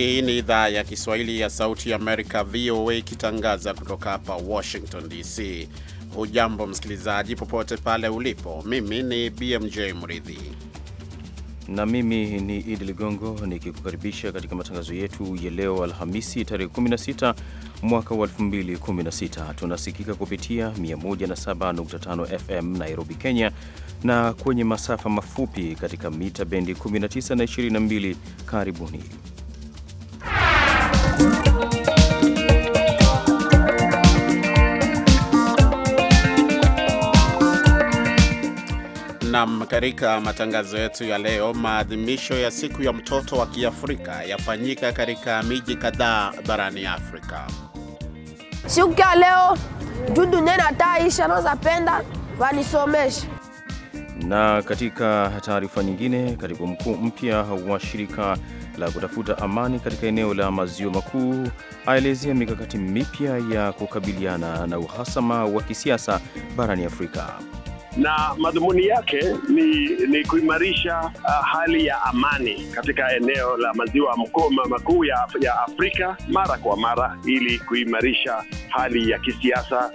Hii ni idhaa ya Kiswahili ya Sauti ya Amerika, VOA, ikitangaza kutoka hapa Washington DC. Hujambo msikilizaji, popote pale ulipo. Mimi ni BMJ Mridhi na mimi ni Idi Ligongo nikikukaribisha katika matangazo yetu ya leo Alhamisi tarehe 16 mwaka wa 2016. Tunasikika kupitia 107.5 FM Nairobi, Kenya, na kwenye masafa mafupi katika mita bendi 19 na 22. Karibuni. Nam, katika matangazo yetu ya leo, maadhimisho ya siku ya mtoto wa Kiafrika yafanyika katika miji kadhaa barani Afrika. Siku ya leo dudu nena taisha noza penda Na katika taarifa nyingine, katibu mkuu mpya wa shirika la kutafuta amani katika eneo la maziwa makuu aelezea mikakati mipya ya kukabiliana na uhasama wa kisiasa barani Afrika na madhumuni yake ni, ni kuimarisha uh, hali ya amani katika eneo la maziwa makuu ya, ya Afrika mara kwa mara ili kuimarisha hali ya kisiasa.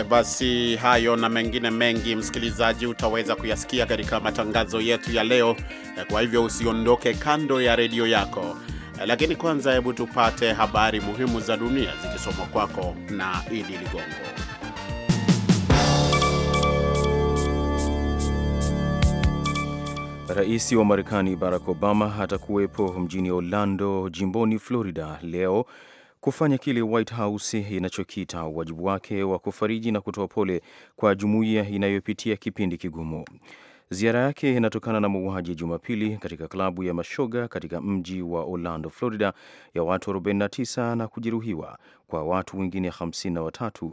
E, basi hayo na mengine mengi, msikilizaji, utaweza kuyasikia katika matangazo yetu ya leo. E, kwa hivyo usiondoke kando ya redio yako, e, lakini kwanza, hebu tupate habari muhimu za dunia zikisomwa kwako na Idi Ligongo. Rais wa Marekani Barack Obama atakuwepo mjini Orlando, jimboni Florida leo kufanya kile White House inachokita wajibu wake wa kufariji na kutoa pole kwa jumuiya inayopitia kipindi kigumu. Ziara yake inatokana na mauaji ya Jumapili katika klabu ya mashoga katika mji wa Orlando, Florida ya watu 49 na kujeruhiwa kwa watu wengine 53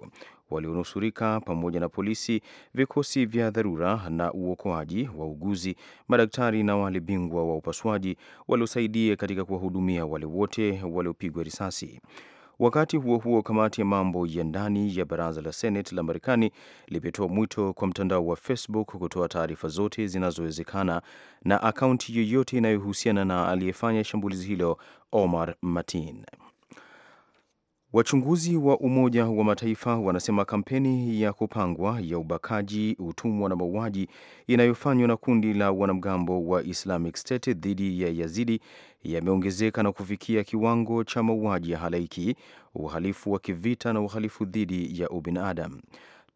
walionusurika pamoja na polisi, vikosi vya dharura na uokoaji, wauguzi, madaktari na wale bingwa wa upasuaji waliosaidia katika kuwahudumia wale wote waliopigwa risasi. Wakati huo huo, kamati ya mambo ya ndani ya baraza la Seneti la Marekani limetoa mwito kwa mtandao wa Facebook kutoa taarifa zote zinazowezekana na akaunti yoyote inayohusiana na aliyefanya shambulizi hilo Omar Mateen. Wachunguzi wa Umoja wa Mataifa wanasema kampeni ya kupangwa ya ubakaji, utumwa na mauaji inayofanywa na kundi la wanamgambo wa Islamic State dhidi ya Yazidi yameongezeka na kufikia kiwango cha mauaji ya halaiki, uhalifu wa kivita na uhalifu dhidi ya ubinadamu.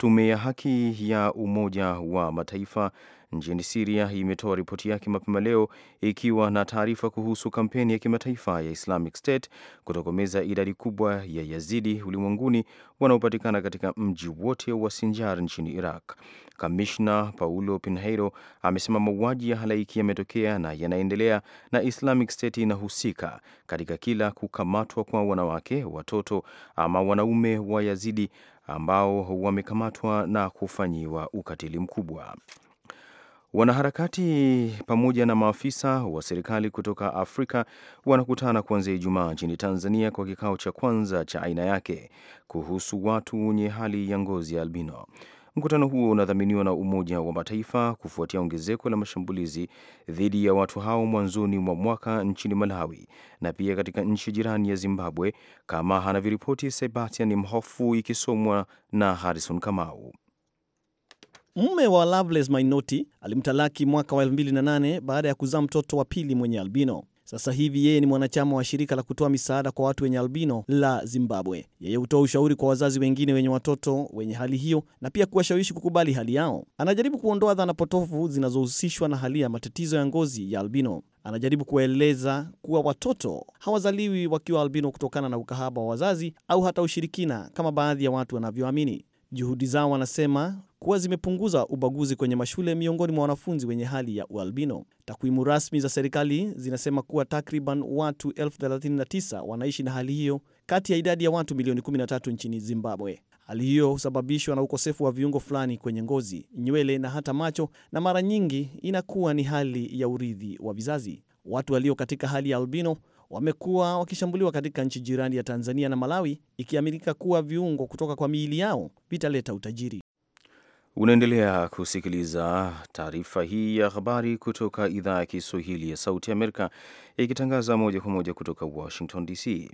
Tume ya haki ya Umoja wa Mataifa nchini Siria imetoa ripoti yake mapema leo ikiwa na taarifa kuhusu kampeni ya kimataifa ya Islamic State kutokomeza idadi kubwa ya Yazidi ulimwenguni wanaopatikana katika mji wote wa Sinjar nchini Iraq. Kamishna Paulo Pinheiro amesema mauaji ya halaiki yametokea na yanaendelea, na Islamic State inahusika katika kila kukamatwa kwa wanawake, watoto ama wanaume wa Yazidi ambao wamekamatwa na kufanyiwa ukatili mkubwa. Wanaharakati pamoja na maafisa wa serikali kutoka Afrika wanakutana kuanzia Ijumaa nchini Tanzania kwa kikao cha kwanza cha aina yake kuhusu watu wenye hali ya ngozi ya albino. Mkutano huo unadhaminiwa na Umoja wa Mataifa kufuatia ongezeko la mashambulizi dhidi ya watu hao mwanzoni mwa mwaka nchini Malawi na pia katika nchi jirani ya Zimbabwe, kama anavyoripoti Sebastian Mhofu, ikisomwa na Harrison Kamau. Mume wa Loveless Mainoti alimtalaki mwaka wa 2008 baada ya kuzaa mtoto wa pili mwenye albino. Sasa hivi yeye ni mwanachama wa shirika la kutoa misaada kwa watu wenye albino la Zimbabwe. Yeye hutoa ushauri kwa wazazi wengine wenye watoto wenye hali hiyo na pia kuwashawishi kukubali hali yao. Anajaribu kuondoa dhana potofu zinazohusishwa na hali ya matatizo ya ngozi ya albino. Anajaribu kueleza kuwa watoto hawazaliwi wakiwa albino kutokana na ukahaba wa wazazi au hata ushirikina kama baadhi ya watu wanavyoamini. Juhudi zao, wanasema, kuwa zimepunguza ubaguzi kwenye mashule miongoni mwa wanafunzi wenye hali ya ualbino. Takwimu rasmi za serikali zinasema kuwa takriban watu 39 wanaishi na hali hiyo kati ya idadi ya watu milioni 13 nchini Zimbabwe. Hali hiyo husababishwa na ukosefu wa viungo fulani kwenye ngozi, nywele na hata macho, na mara nyingi inakuwa ni hali ya urithi wa vizazi. Watu walio katika hali ya albino wamekuwa wakishambuliwa katika nchi jirani ya Tanzania na Malawi, ikiaminika kuwa viungo kutoka kwa miili yao vitaleta utajiri. Unaendelea kusikiliza taarifa hii ya habari kutoka idhaa ya Kiswahili ya Sauti Amerika ikitangaza moja kwa moja kutoka Washington DC.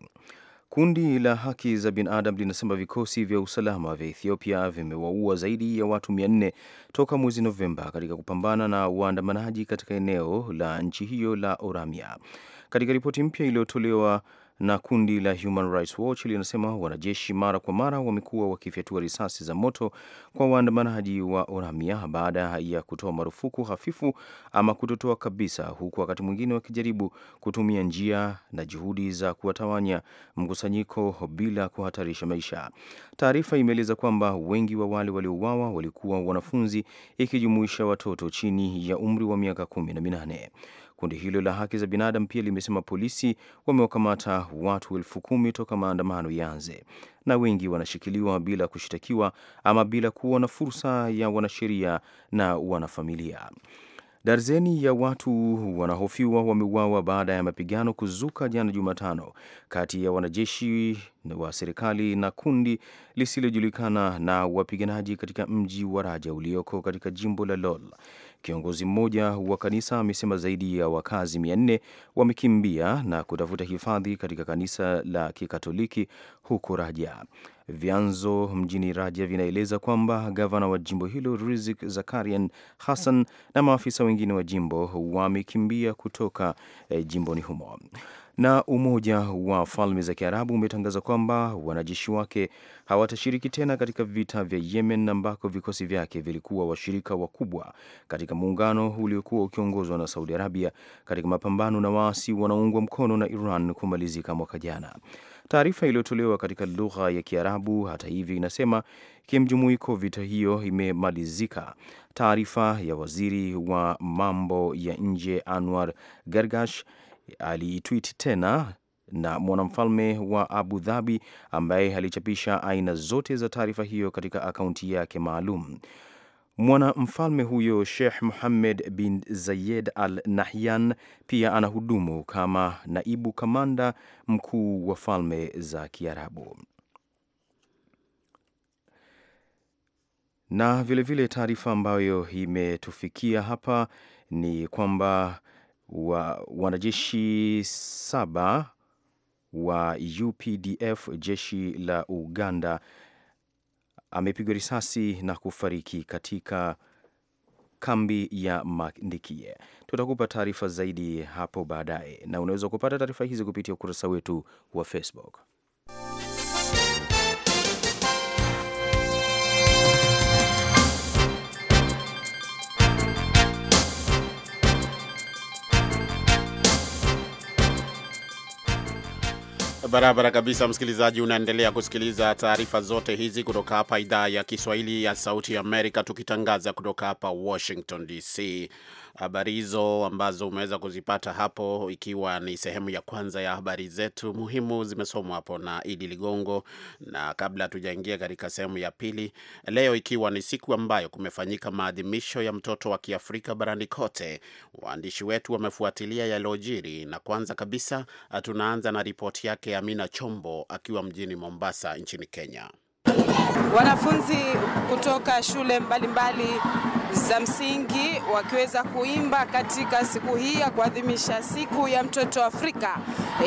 Kundi la haki za binadamu linasema vikosi vya usalama vya Ethiopia vimewaua zaidi ya watu 400 toka mwezi Novemba katika kupambana na waandamanaji katika eneo la nchi hiyo la Oromia. Katika ripoti mpya iliyotolewa na kundi la Human Rights Watch linasema wanajeshi mara kwa mara wamekuwa wakifyatua risasi za moto kwa waandamanaji wa Oromia baada ya kutoa marufuku hafifu ama kutotoa kabisa, huku wakati mwingine wakijaribu kutumia njia na juhudi za kuwatawanya mkusanyiko bila kuhatarisha maisha. Taarifa imeeleza kwamba wengi wa wale waliouawa walikuwa wanafunzi, ikijumuisha watoto chini ya umri wa miaka kumi na minane. Kundi hilo la haki za binadamu pia limesema polisi wamewakamata watu elfu kumi toka maandamano yaanze, na wengi wanashikiliwa bila kushitakiwa ama bila kuwa na fursa ya wanasheria na wanafamilia. Darzeni ya watu wanahofiwa wameuawa baada ya mapigano kuzuka jana Jumatano kati ya wanajeshi wa serikali na kundi lisilojulikana na wapiganaji katika mji wa Raja ulioko katika jimbo la Lol. Kiongozi mmoja wa kanisa amesema zaidi ya wakazi mia nne wamekimbia na kutafuta hifadhi katika kanisa la Kikatoliki huko Raja. Vyanzo mjini Raja vinaeleza kwamba gavana wa jimbo hilo Rizik Zakarian Hassan na maafisa wengine wa jimbo wamekimbia kutoka eh, jimboni humo. Na Umoja wa Falme za Kiarabu umetangaza kwamba wanajeshi wake hawatashiriki tena katika vita vya Yemen ambako vikosi vyake vilikuwa washirika wakubwa katika muungano uliokuwa ukiongozwa na Saudi Arabia katika mapambano na waasi wanaoungwa mkono na Iran kumalizika mwaka jana. Taarifa iliyotolewa katika lugha ya Kiarabu hata hivyo inasema kimjumuiko vita hiyo imemalizika. Taarifa ya waziri wa mambo ya nje Anwar Gargash aliitwiti tena na mwanamfalme wa Abu Dhabi ambaye alichapisha aina zote za taarifa hiyo katika akaunti yake maalum. Mwanamfalme huyo Sheikh Muhammed bin Zayed Al Nahyan pia anahudumu kama naibu kamanda mkuu wa Falme za Kiarabu. Na vilevile taarifa ambayo imetufikia hapa ni kwamba wa wanajeshi saba wa UPDF jeshi la Uganda amepigwa risasi na kufariki katika kambi ya Mandikie. Tutakupa taarifa zaidi hapo baadaye, na unaweza kupata taarifa hizi kupitia ukurasa wetu wa Facebook. Barabara kabisa, msikilizaji, unaendelea kusikiliza taarifa zote hizi kutoka hapa idhaa ya Kiswahili ya Sauti ya Amerika, tukitangaza kutoka hapa Washington DC habari hizo ambazo umeweza kuzipata hapo, ikiwa ni sehemu ya kwanza ya habari zetu muhimu, zimesomwa hapo na Idi Ligongo. Na kabla hatujaingia katika sehemu ya pili, leo ikiwa ni siku ambayo kumefanyika maadhimisho ya mtoto wa Kiafrika barani kote, waandishi wetu wamefuatilia yaliojiri na kwanza kabisa tunaanza na ripoti yake Amina Chombo akiwa mjini Mombasa nchini Kenya wanafunzi kutoka shule mbalimbali mbali za msingi wakiweza kuimba katika siku hii ya kuadhimisha siku ya mtoto Afrika,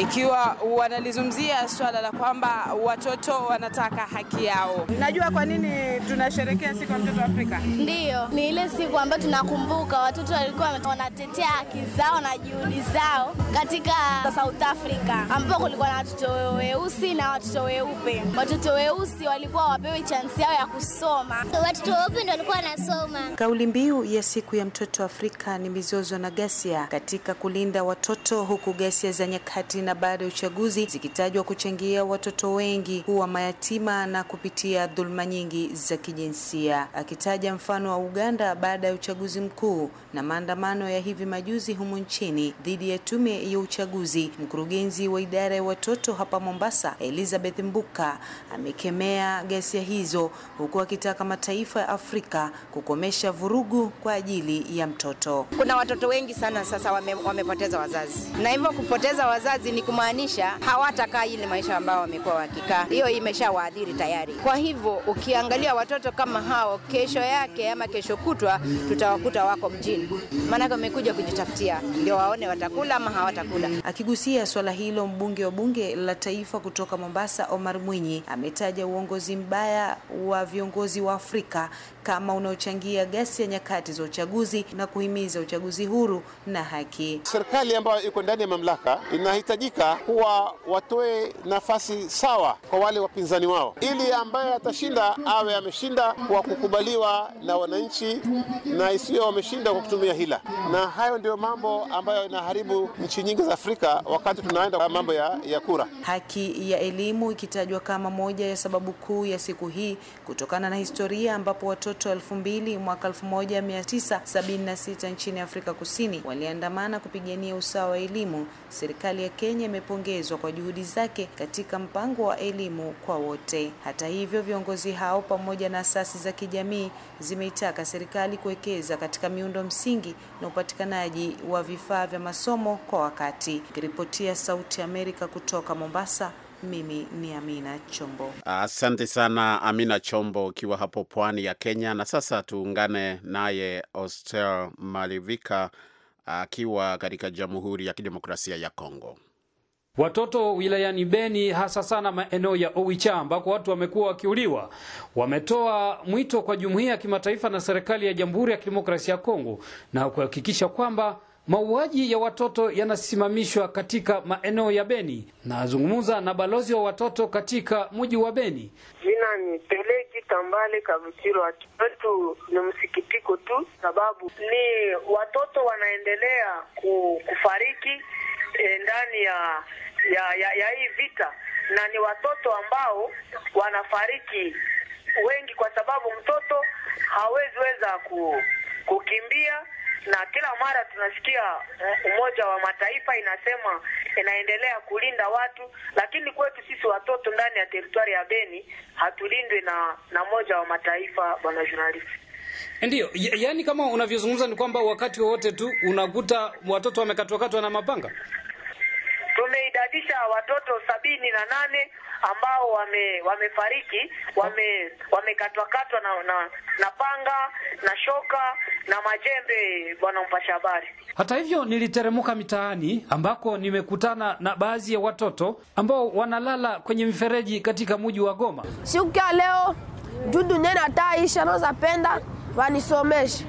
ikiwa wanalizungumzia swala la kwamba watoto wanataka haki yao. Najua kwa nini tunasherehekea siku ya mtoto Afrika. Ndiyo, ni ile siku ambayo tunakumbuka watoto walikuwa wanatetea haki zao na juhudi zao katika South Africa, ambapo kulikuwa na watoto weusi na watoto weupe. Watoto weusi walikuwa walikuwa wapewe chansi yao ya kusoma. Watoto wapi ndio walikuwa wanasoma. Kauli mbiu ya siku ya mtoto Afrika ni mizozo na ghasia katika kulinda watoto, huku ghasia za nyakati na baada ya uchaguzi zikitajwa kuchangia watoto wengi kuwa mayatima na kupitia dhuluma nyingi za kijinsia, akitaja mfano wa Uganda baada ya uchaguzi mkuu na maandamano ya hivi majuzi humu nchini dhidi ya tume ya uchaguzi. Mkurugenzi wa idara ya watoto hapa Mombasa, Elizabeth Mbuka, amekemea na ghasia hizo, huku akitaka mataifa ya Afrika kukomesha vurugu kwa ajili ya mtoto. Kuna watoto wengi sana sasa wame, wamepoteza wazazi, na hivyo kupoteza wazazi ni kumaanisha hawatakaa ile maisha ambao wamekuwa wakikaa, hiyo imeshawaadhiri tayari. Kwa hivyo ukiangalia watoto kama hao, kesho yake ama kesho kutwa tutawakuta wako mjini, maanake wamekuja kujitafutia, ndio waone watakula ama hawatakula. Akigusia swala hilo, mbunge wa bunge la taifa kutoka Mombasa Omar Mwinyi ametaja uongozi uongozi mbaya wa viongozi wa Afrika kama unaochangia ghasia nyakati za uchaguzi na kuhimiza uchaguzi huru na haki. Serikali ambayo iko ndani ya mamlaka inahitajika kuwa watoe nafasi sawa kwa wale wapinzani wao, ili ambaye atashinda awe ameshinda kwa kukubaliwa na wananchi na isiyo wameshinda kwa kutumia hila, na hayo ndio mambo ambayo inaharibu nchi nyingi za Afrika wakati tunaenda kwa mambo ya, ya kura. Haki ya elimu ikitajwa kama moja ya sababu kuu ya siku hii kutokana na historia ambapo watu watoto elfu mbili mwaka 1976 nchini Afrika Kusini waliandamana kupigania usawa wa elimu. Serikali ya Kenya imepongezwa kwa juhudi zake katika mpango wa elimu kwa wote. Hata hivyo, viongozi hao pamoja na asasi za kijamii zimeitaka serikali kuwekeza katika miundo msingi na upatikanaji wa vifaa vya masomo kwa wakati. kiripotia Sauti ya Amerika kutoka Mombasa. Mimi ni Amina Chombo. Asante sana Amina Chombo, ukiwa hapo pwani ya Kenya. Na sasa tuungane naye Ostel Malivika akiwa katika Jamhuri ya Kidemokrasia ya Kongo. Watoto wilayani Beni hasa sana maeneo ya Owicha ambako watu wamekuwa wakiuliwa, wametoa mwito kwa jumuiya ya kimataifa na serikali ya Jamhuri ya Kidemokrasia ya Kongo na kuhakikisha kwamba mauaji ya watoto yanasimamishwa katika maeneo ya Beni. Nazungumza na balozi wa watoto katika mji wa Beni. Jina ni peleji Tambale Kavutiro. Wetu ni msikitiko tu, sababu ni watoto wanaendelea kufariki e, ndani ya ya, ya ya hii vita, na ni watoto ambao wanafariki wengi, kwa sababu mtoto hawezi weza kukimbia na kila mara tunasikia eh, Umoja wa Mataifa inasema inaendelea kulinda watu, lakini kwetu sisi watoto ndani ya teritwari ya Beni hatulindwi na na Umoja wa Mataifa, bwana journalist. Ndiyo, yaani kama unavyozungumza ni kwamba wakati wowote tu unakuta watoto wamekatwakatwa na mapanga imethibitisha watoto sabini na nane ambao wame, wamefariki wame, wamekatwakatwa na, na, na panga na shoka na majembe, bwana mpasha habari. Hata hivyo niliteremka mitaani ambako nimekutana na baadhi ya watoto ambao wanalala kwenye mifereji katika mji wa Goma. Siku ya leo juu dunia nataisha, naweza penda wanisomeshe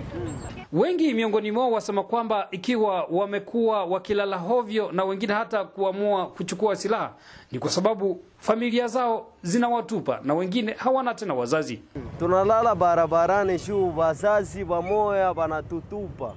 Wengi miongoni mwao wasema kwamba ikiwa wamekuwa wakilala hovyo na wengine hata kuamua kuchukua silaha ni kwa sababu familia zao zinawatupa na wengine hawana tena wazazi. Tunalala barabarani juu wazazi wamoya wanatutupa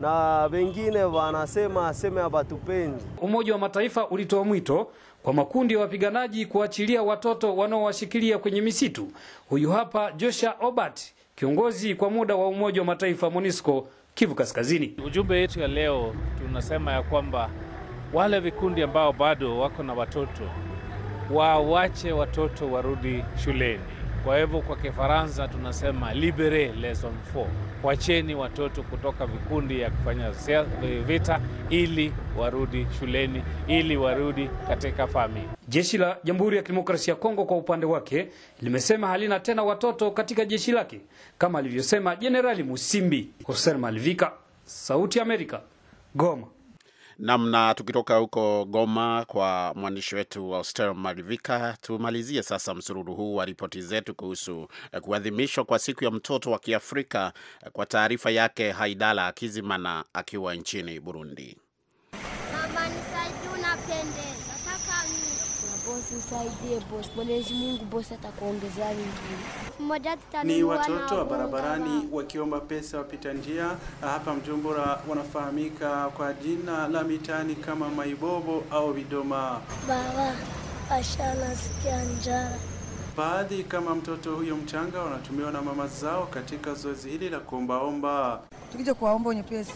na wengine wanasema aseme abatupenzi. Umoja wa Mataifa ulitoa mwito kwa makundi ya wa wapiganaji kuachilia watoto wanaowashikilia kwenye misitu. Huyu hapa Joshua Obati kiongozi kwa muda wa Umoja wa Mataifa MONUSCO Kivu Kaskazini. Ujumbe wetu ya leo tunasema ya kwamba wale vikundi ambao bado wako na watoto waache watoto warudi shuleni. Kwa hivyo kwa Kifaransa tunasema libere les enfants wacheni watoto kutoka vikundi ya kufanya vita ili warudi shuleni ili warudi katika familia. Jeshi la Jamhuri ya Kidemokrasia ya Kongo kwa upande wake limesema halina tena watoto katika jeshi lake kama alivyosema Jenerali Musimbi. Hosen Malivika, Sauti ya Amerika, Goma namna. Tukitoka huko Goma kwa mwandishi wetu Auster Malivika, tumalizie sasa msururu huu wa ripoti zetu kuhusu eh, kuadhimishwa kwa siku ya mtoto wa Kiafrika eh, kwa taarifa yake Haidala Akizimana akiwa nchini Burundi. tusaidie bos. Mwenyezi Mungu boss atakuongezea vingine. Ni watoto wa barabarani wakiomba pesa wapita njia hapa Mjumbura wanafahamika kwa jina la mitaani kama maibobo au vidoma. Baba asha nasikia njara. Baadhi kama mtoto huyo mchanga wanatumiwa na mama zao katika zoezi hili la kuombaomba. Tukija kuwaomba wenye pesa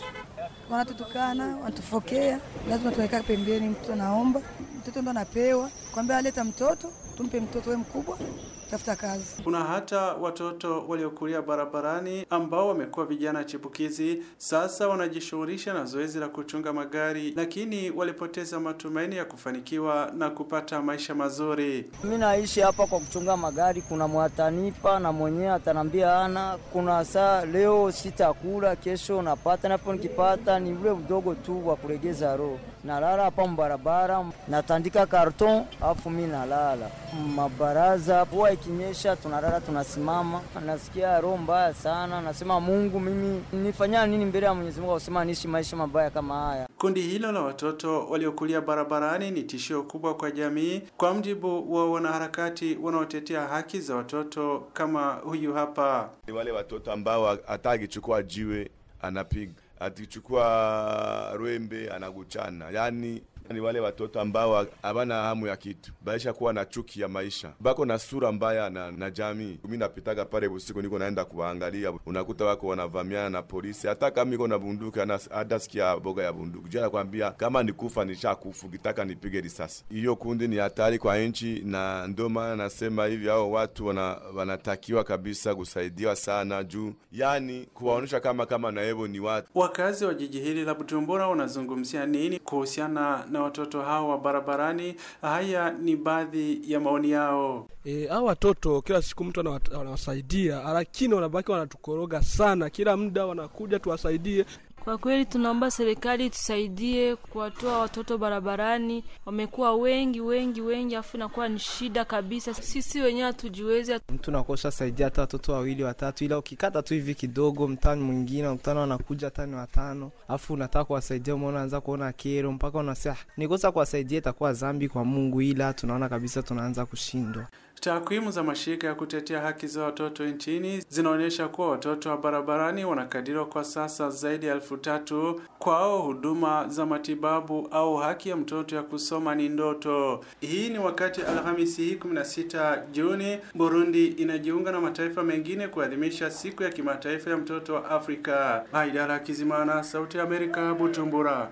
wanatutukana, wanatufokea, lazima tuweka pembeni. Mtoto anaomba, mtoto ndo anapewa, kwambia aleta mtoto, tumpe mtoto, we mkubwa kutafuta kazi. Kuna hata watoto waliokulia barabarani ambao wamekuwa vijana chipukizi, sasa wanajishughulisha na zoezi la kuchunga magari, lakini walipoteza matumaini ya kufanikiwa na kupata maisha mazuri. mi naishi hapa kwa kuchunga magari, kuna mwatanipa na mwenyewe atanambia ana, kuna saa leo sitakula, kesho napata, napo nikipata ni ule udogo tu wa kuregeza roho nalala hapa mbarabara, natandika karton afu mi nalala mabaraza. Mvua ikinyesha tunalala tunasimama, nasikia roho mbaya sana, nasema Mungu, mimi nifanya nini mbele ya Mwenyezi Mungu akusema niishi maisha mabaya kama haya? Kundi hilo la watoto waliokulia barabarani ni tishio kubwa kwa jamii, kwa mjibu wa wanaharakati wanaotetea haki za watoto kama huyu hapa. Ni wale watoto ambao hata akichukua jiwe anapiga atichukua Rwembe anaguchana yani ni wale watoto ambao hawana hamu ya kitu, baisha kuwa na chuki ya maisha, bako na sura mbaya na, na jamii. Mimi napitaga pale usiku, niko naenda kuwaangalia, unakuta wako wanavamiana na polisi, hata kama niko na bunduki, hata sikia boga ya bunduki. Je, nakwambia kama nikufa nisha kufu kitaka nipige risasi. Hiyo kundi ni hatari kwa nchi, na ndio maana nasema hivi, hao watu wana, wanatakiwa kabisa kusaidiwa sana juu, yani kuwaonyesha kama kama naevo ni watu. Wakazi wa jiji hili la Bujumbura wanazungumzia nini kuhusiana na watoto hao wa barabarani. Haya ni baadhi ya maoni yao. E, hao watoto kila siku mtu anawasaidia, lakini wanabaki wanatukoroga sana, kila muda wanakuja tuwasaidie, kwa kweli tunaomba serikali tusaidie kuwatoa watoto barabarani, wamekuwa wengi wengi wengi, afu inakuwa ni shida kabisa. Sisi wenyewe hatujiwezi, mtu nakosha saidia hata watoto wawili watatu, ila ukikata tu hivi kidogo, mtani mwingine ukutana wanakuja tani watano, afu unataka kuwasaidia, umeona anza kuona kero, mpaka unasema ah, nikosa kuwasaidia itakuwa zambi kwa Mungu, ila tunaona kabisa tunaanza kushindwa. Takwimu za mashirika ya kutetea haki za watoto nchini zinaonyesha kuwa watoto wa barabarani wanakadiriwa kwa sasa zaidi ya elfu tatu. Kwao huduma za matibabu au haki ya mtoto ya kusoma ni ndoto. Hii ni wakati Alhamisi hii 16 Juni Burundi inajiunga na mataifa mengine kuadhimisha siku ya kimataifa ya mtoto wa Afrika. Haidara Kizimana, Sauti ya Amerika, Bujumbura.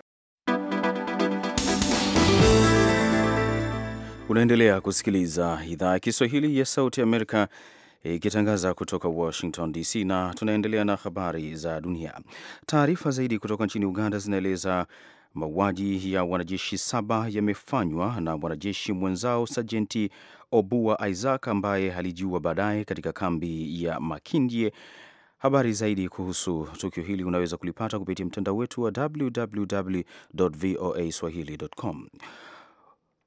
Unaendelea kusikiliza idhaa ya Kiswahili ya Sauti Amerika ikitangaza kutoka Washington DC, na tunaendelea na habari za dunia. Taarifa zaidi kutoka nchini Uganda zinaeleza mauaji ya wanajeshi saba yamefanywa na mwanajeshi mwenzao Sajenti Obua Isaac ambaye alijiua baadaye katika kambi ya Makindye. Habari zaidi kuhusu tukio hili unaweza kulipata kupitia mtandao wetu wa www voa swahili.com.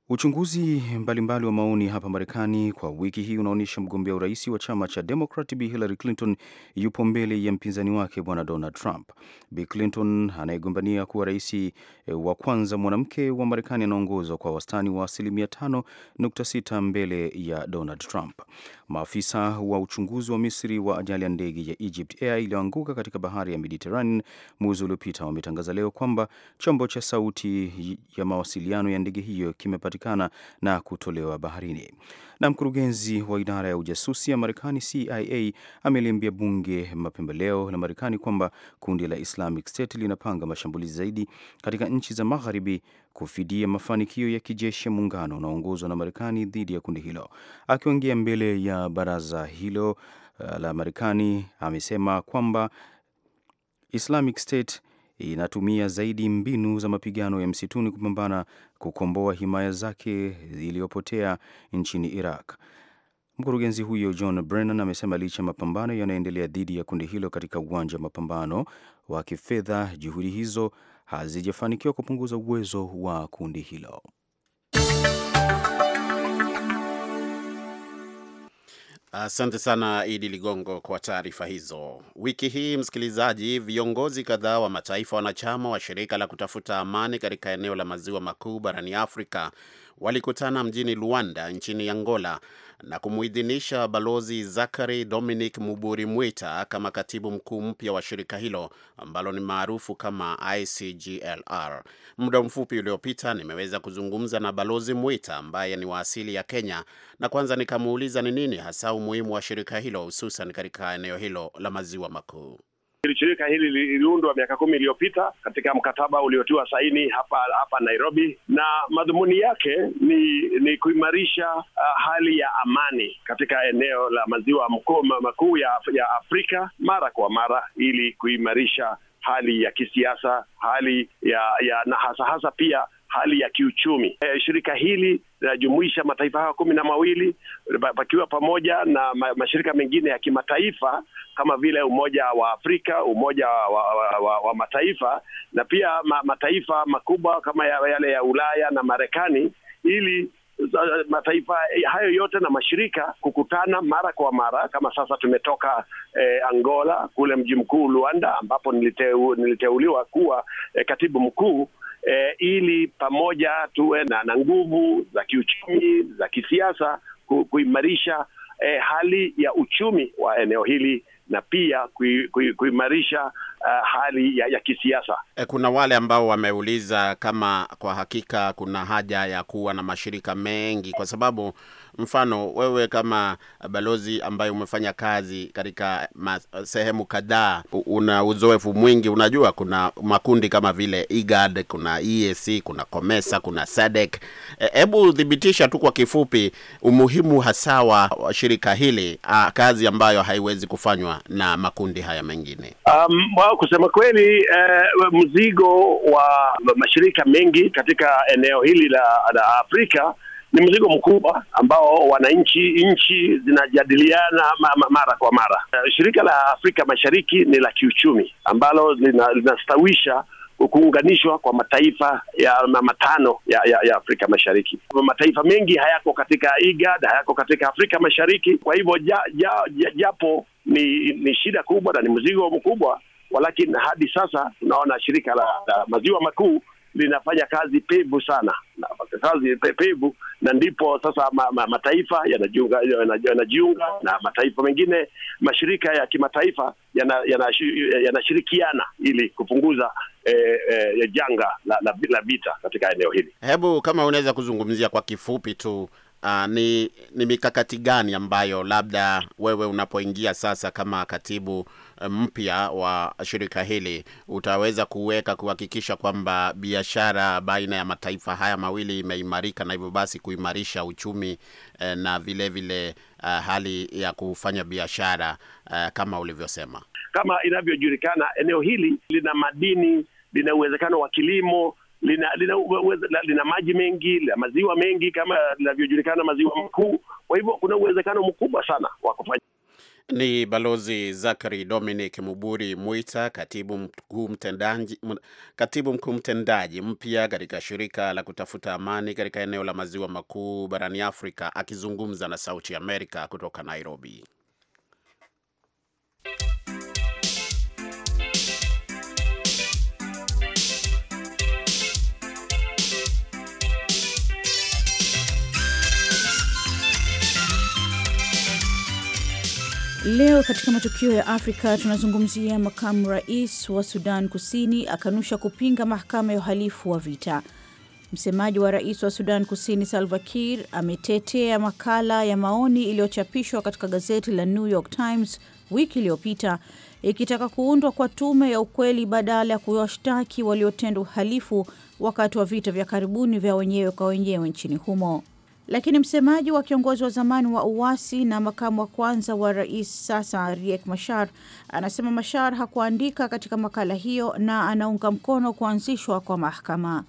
Uchunguzi mbalimbali mbali wa maoni hapa Marekani kwa wiki hii unaonyesha mgombea urais wa chama cha Demokrat Bi Hillary Clinton yupo mbele ya mpinzani wake bwana Donald Trump. Bi Clinton anayegombania kuwa rais e, wa kwanza mwanamke wa Marekani anaongozwa kwa wastani wa asilimia tano nukta sita mbele ya Donald Trump. Maafisa wa uchunguzi wa Misri wa ajali ya ndege ya Egypt Air iliyoanguka katika bahari ya Mediterranean mwezi uliopita wametangaza leo kwamba chombo cha sauti ya mawasiliano ya ndege hiyo kimepata kupatikana na kutolewa baharini. Na mkurugenzi wa idara ya ujasusi ya Marekani CIA ameliambia bunge mapema leo la Marekani kwamba kundi la Islamic State linapanga mashambulizi zaidi katika nchi za magharibi kufidia mafanikio ya kijeshi ya muungano unaoongozwa na, na Marekani dhidi ya kundi hilo. Akiongea mbele ya baraza hilo uh, la Marekani amesema kwamba Islamic State inatumia zaidi mbinu za mapigano ya msituni kupambana kukomboa himaya zake iliyopotea nchini Iraq. Mkurugenzi huyo John Brennan amesema licha ya mapambano yanayoendelea dhidi ya kundi hilo katika uwanja wa mapambano wa kifedha, juhudi hizo hazijafanikiwa kupunguza uwezo wa kundi hilo. Asante sana Idi Ligongo kwa taarifa hizo. Wiki hii, msikilizaji, viongozi kadhaa wa mataifa wanachama wa shirika la kutafuta amani katika eneo la maziwa makuu barani Afrika walikutana mjini Luanda nchini Angola na kumuidhinisha Balozi Zachary Dominic Muburi Mwita kama katibu mkuu mpya wa shirika hilo ambalo ni maarufu kama ICGLR. Muda mfupi uliopita nimeweza kuzungumza na Balozi Mwita ambaye ni wa asili ya Kenya, na kwanza nikamuuliza ni nini hasa umuhimu wa shirika hilo hususan katika eneo hilo la maziwa makuu. Shirika hili liliundwa miaka kumi iliyopita katika mkataba uliotiwa saini hapa hapa Nairobi, na madhumuni yake ni ni kuimarisha uh, hali ya amani katika eneo la maziwa makuu ya, ya Afrika mara kwa mara ili kuimarisha hali ya kisiasa, hali ya, ya na hasa hasa pia hali ya kiuchumi. E, shirika hili linajumuisha mataifa hayo kumi na mawili pakiwa pamoja na mashirika mengine ya kimataifa kama vile Umoja wa Afrika, Umoja wa, wa, wa, wa Mataifa na pia ma, mataifa makubwa kama ya, yale ya Ulaya na Marekani ili mataifa hayo yote na mashirika kukutana mara kwa mara. Kama sasa tumetoka eh, Angola kule mji mkuu Luanda ambapo niliteuliwa kuwa eh, katibu mkuu e, ili pamoja tuwe na, na nguvu za kiuchumi za kisiasa ku, kuimarisha e, hali ya uchumi wa eneo hili na pia kuimarisha kui, uh, hali ya, ya kisiasa. E, kuna wale ambao wameuliza kama kwa hakika kuna haja ya kuwa na mashirika mengi, kwa sababu mfano wewe kama balozi ambaye umefanya kazi katika sehemu kadhaa, una uzoefu mwingi, unajua kuna makundi kama vile IGAD, kuna EAC, kuna COMESA, kuna SADC. Eh, hebu thibitisha tu kwa kifupi umuhimu hasa wa shirika hili, ah, kazi ambayo haiwezi kufanywa na makundi haya mengine. Um, kusema kweli eh, mzigo wa mashirika mengi katika eneo hili la, la Afrika ni mzigo mkubwa ambao wananchi nchi zinajadiliana ma, ma, mara kwa mara. Eh, shirika la Afrika Mashariki ni la kiuchumi ambalo lina, linastawisha kuunganishwa kwa mataifa ya matano ya, ya, ya Afrika Mashariki. Mataifa mengi hayako katika IGAD, hayako katika Afrika Mashariki. Kwa hivyo ja, ja, ja, japo ni, ni shida kubwa na ni mzigo mkubwa, Walakini hadi sasa tunaona shirika la, la maziwa makuu linafanya kazi pevu sana, kazi pevu, na ndipo sasa ma, ma, mataifa yanajiunga, yanajiunga na mataifa mengine, mashirika ya kimataifa yanashirikiana yana, yana ili kupunguza eh, eh, janga la, la, la vita katika eneo hili. Hebu kama unaweza kuzungumzia kwa kifupi tu Uh, ni, ni mikakati gani ambayo labda wewe unapoingia sasa kama katibu mpya wa shirika hili utaweza kuweka kuhakikisha kwamba biashara baina ya mataifa haya mawili imeimarika na hivyo basi kuimarisha uchumi eh, na vile vile eh, hali ya kufanya biashara eh, kama ulivyosema. Kama inavyojulikana, eneo hili lina madini, lina uwezekano wa kilimo lina lina, lina, lina maji mengi, lina maziwa mengi kama linavyojulikana, maziwa makuu. Kwa hivyo kuna uwezekano mkubwa sana wa kufanya ni Balozi Zachary Dominic Muburi Mwita, katibu mkuu mtendaji katibu mkuu mtendaji mpya katika shirika la kutafuta amani katika eneo la maziwa makuu barani Afrika, akizungumza na Sauti Amerika kutoka Nairobi. Leo katika matukio ya Afrika tunazungumzia makamu rais wa Sudan Kusini akanusha kupinga mahakama ya uhalifu wa vita. Msemaji wa rais wa Sudan Kusini Salva Kiir ametetea makala ya maoni iliyochapishwa katika gazeti la New York Times wiki iliyopita ikitaka kuundwa kwa tume ya ukweli badala ya kuwashtaki waliotenda uhalifu wakati wa vita vya karibuni vya wenyewe kwa wenyewe nchini humo. Lakini msemaji wa kiongozi wa zamani wa uasi na makamu wa kwanza wa rais sasa Riek mashar anasema mashar hakuandika katika makala hiyo na anaunga mkono kuanzishwa kwa mahakama.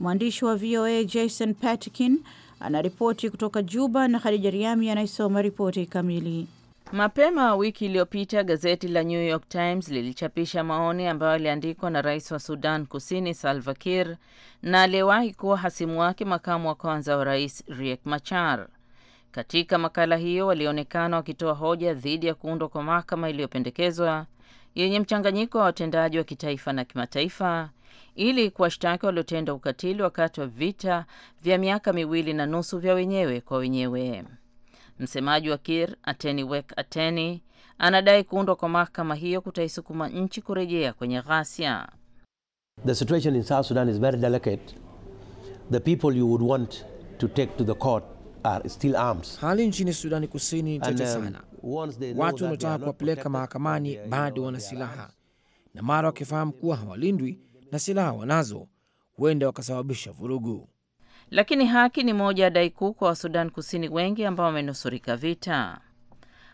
Mwandishi wa VOA Jason Patkin anaripoti kutoka Juba na Khadija Riami anayesoma ripoti kamili. Mapema wiki iliyopita gazeti la New York Times lilichapisha maoni ambayo aliandikwa na rais wa Sudan Kusini Salva Kiir na aliyewahi kuwa hasimu wake makamu wa kwanza wa rais Riek Machar. Katika makala hiyo walionekana wakitoa hoja dhidi ya kuundwa kwa mahakama iliyopendekezwa yenye mchanganyiko wa watendaji wa kitaifa na kimataifa ili kuwashtaki waliotenda ukatili wakati wa vita vya miaka miwili na nusu vya wenyewe kwa wenyewe. Msemaji wa Kir Ateni Wek Ateni anadai kuundwa kwa mahakama hiyo kutaisukuma nchi kurejea kwenye ghasia. The situation in South Sudan is very delicate. The people you would want to take to the court are still arms. Hali nchini Sudani Kusini ni tete um, sana. Watu wanaotaka kuwapeleka mahakamani bado wana silaha, na mara wakifahamu kuwa hawalindwi na silaha wanazo, huenda wakasababisha vurugu lakini haki ni moja ya dai kuu kwa Wasudan Kusini wengi ambao wamenusurika vita.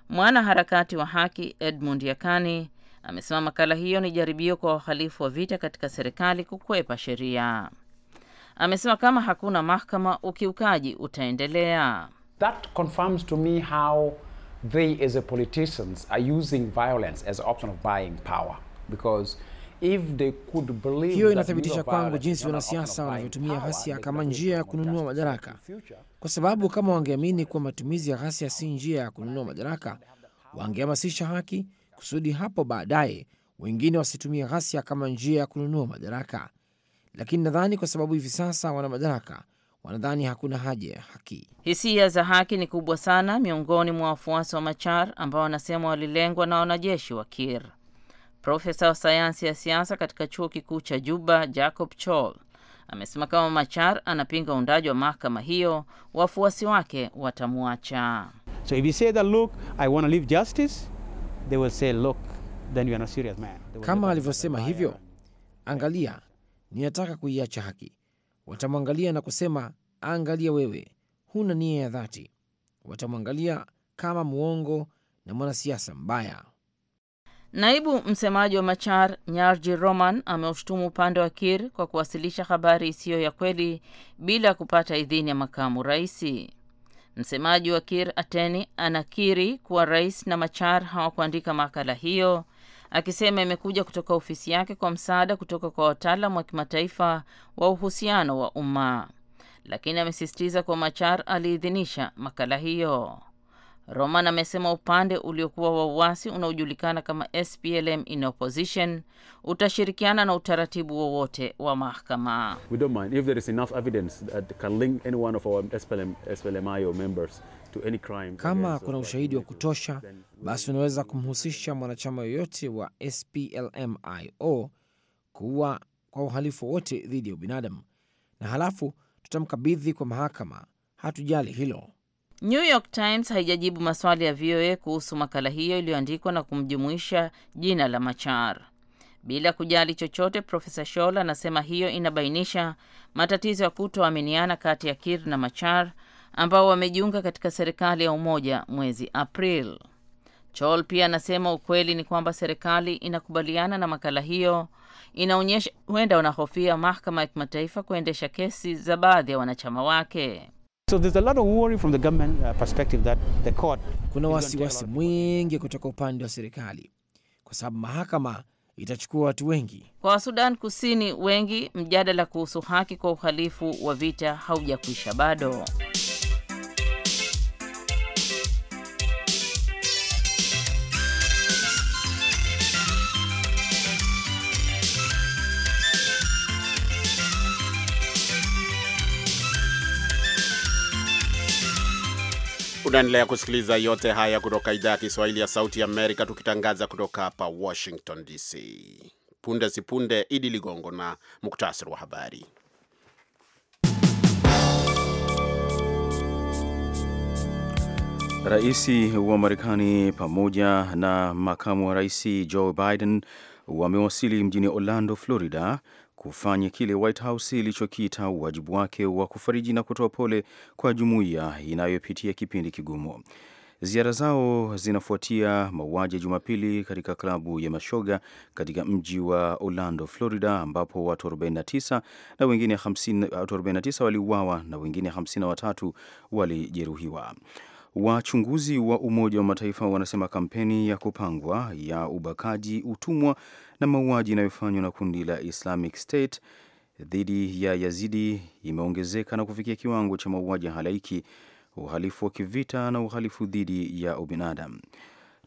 Mwana harakati wa haki Edmund Yakani amesema makala hiyo ni jaribio kwa wahalifu wa vita katika serikali kukwepa sheria. Amesema kama hakuna mahakama, ukiukaji utaendelea. That confirms to me how they as a politicians are using violence as an option of buying power because hiyo inathibitisha kwangu jinsi wanasiasa wanavyotumia ghasia kama njia ya kununua madaraka, kwa sababu kama wangeamini kuwa matumizi ya ghasia si njia ya kununua madaraka, wangehamasisha haki kusudi hapo baadaye wengine wasitumia ghasia kama njia ya kununua madaraka. Lakini nadhani kwa sababu hivi sasa wana madaraka, wanadhani hakuna haja ya haki. Hisia za haki ni kubwa sana miongoni mwa wafuasi wa Machar ambao wanasema walilengwa na wanajeshi wa Kir. Profesa wa sayansi ya siasa katika chuo kikuu cha Juba, Jacob Chol amesema kama Machar anapinga uundaji wa mahakama hiyo, wafuasi wake watamwacha. So if you say that look, I want to justice, they will say look, then you are not serious man. Kama alivyosema hivyo, angalia, ninataka kuiacha haki. Watamwangalia na kusema, angalia wewe, huna nia ya dhati. Watamwangalia kama mwongo na mwanasiasa mbaya. Naibu msemaji wa Machar Nyarji Roman ameushutumu upande wa Kir kwa kuwasilisha habari isiyo ya kweli bila kupata idhini ya makamu raisi. Msemaji wa Kir Ateni anakiri kuwa rais na Machar hawakuandika makala hiyo, akisema imekuja kutoka ofisi yake kwa msaada kutoka kwa wataalam wa kimataifa wa uhusiano wa umma, lakini amesisitiza kuwa Machar aliidhinisha makala hiyo. Roman amesema upande uliokuwa wa uasi unaojulikana kama SPLM in opposition utashirikiana na utaratibu wowote wa, wa mahakama. We don't mind if there is enough evidence that can link any one of our SPLM, SPLMIO members to any crime. Kama kuna ushahidi wa kutosha, basi unaweza kumhusisha mwanachama yoyote wa SPLMIO kuwa kwa uhalifu wowote dhidi ya ubinadamu, na halafu tutamkabidhi kwa mahakama. Hatujali hilo. New York Times haijajibu maswali ya VOA kuhusu makala hiyo iliyoandikwa na kumjumuisha jina la Machar. Bila kujali chochote, Profesa shol anasema hiyo inabainisha matatizo ya kutoaminiana kati ya Kir na Machar ambao wamejiunga katika serikali ya umoja mwezi April. Chol pia anasema ukweli ni kwamba serikali inakubaliana na makala hiyo inaonyesha huenda wanahofia mahakama ya kimataifa kuendesha kesi za baadhi ya wanachama wake. So there's a lot of worry from the government uh, perspective that the court. Kuna wasiwasi mwingi kutoka upande wa serikali kwa sababu mahakama itachukua watu wengi. Kwa Wasudan Kusini wengi, mjadala kuhusu haki kwa uhalifu wa vita haujakwisha bado. Unaendelea kusikiliza yote haya kutoka idhaa ya Kiswahili ya Sauti Amerika, tukitangaza kutoka hapa Washington DC. Punde si punde, Idi Ligongo na muktasari wa habari. Rais wa Marekani pamoja na makamu wa rais Joe Biden wamewasili mjini Orlando, Florida kufanya kile White House ilichokiita wajibu wake wa kufariji na kutoa pole kwa jumuiya inayopitia kipindi kigumu. Ziara zao zinafuatia mauaji ya Jumapili katika klabu ya mashoga katika mji wa Orlando, Florida, ambapo watu 49 na wengine 49 waliuawa na wengine 53 walijeruhiwa. Wachunguzi wa Umoja wa Mataifa wanasema kampeni ya kupangwa ya ubakaji, utumwa na mauaji yanayofanywa na kundi la Islamic State dhidi ya Yazidi imeongezeka na kufikia kiwango cha mauaji ya halaiki, uhalifu wa kivita na uhalifu dhidi ya ubinadamu.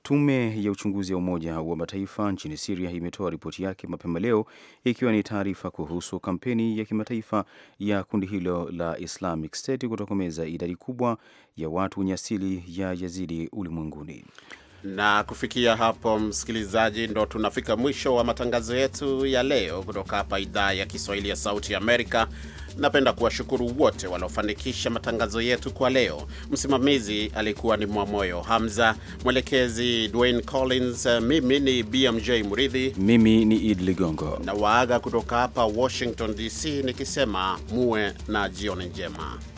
Tume ya uchunguzi ya Umoja wa Mataifa nchini Siria imetoa ripoti yake mapema leo ikiwa ni taarifa kuhusu kampeni ya kimataifa ya kundi hilo la Islamic State kutokomeza idadi kubwa ya watu wenye asili ya Yazidi ulimwenguni. Na kufikia hapo, msikilizaji, ndo tunafika mwisho wa matangazo yetu ya leo kutoka hapa idhaa ya Kiswahili ya Sauti Amerika. Napenda kuwashukuru wote wanaofanikisha matangazo yetu kwa leo. Msimamizi alikuwa ni Mwamoyo Hamza, mwelekezi Dwayne Collins, mimi ni BMJ Muridhi, mimi ni Id Ligongo na waaga kutoka hapa Washington DC nikisema muwe na jioni njema.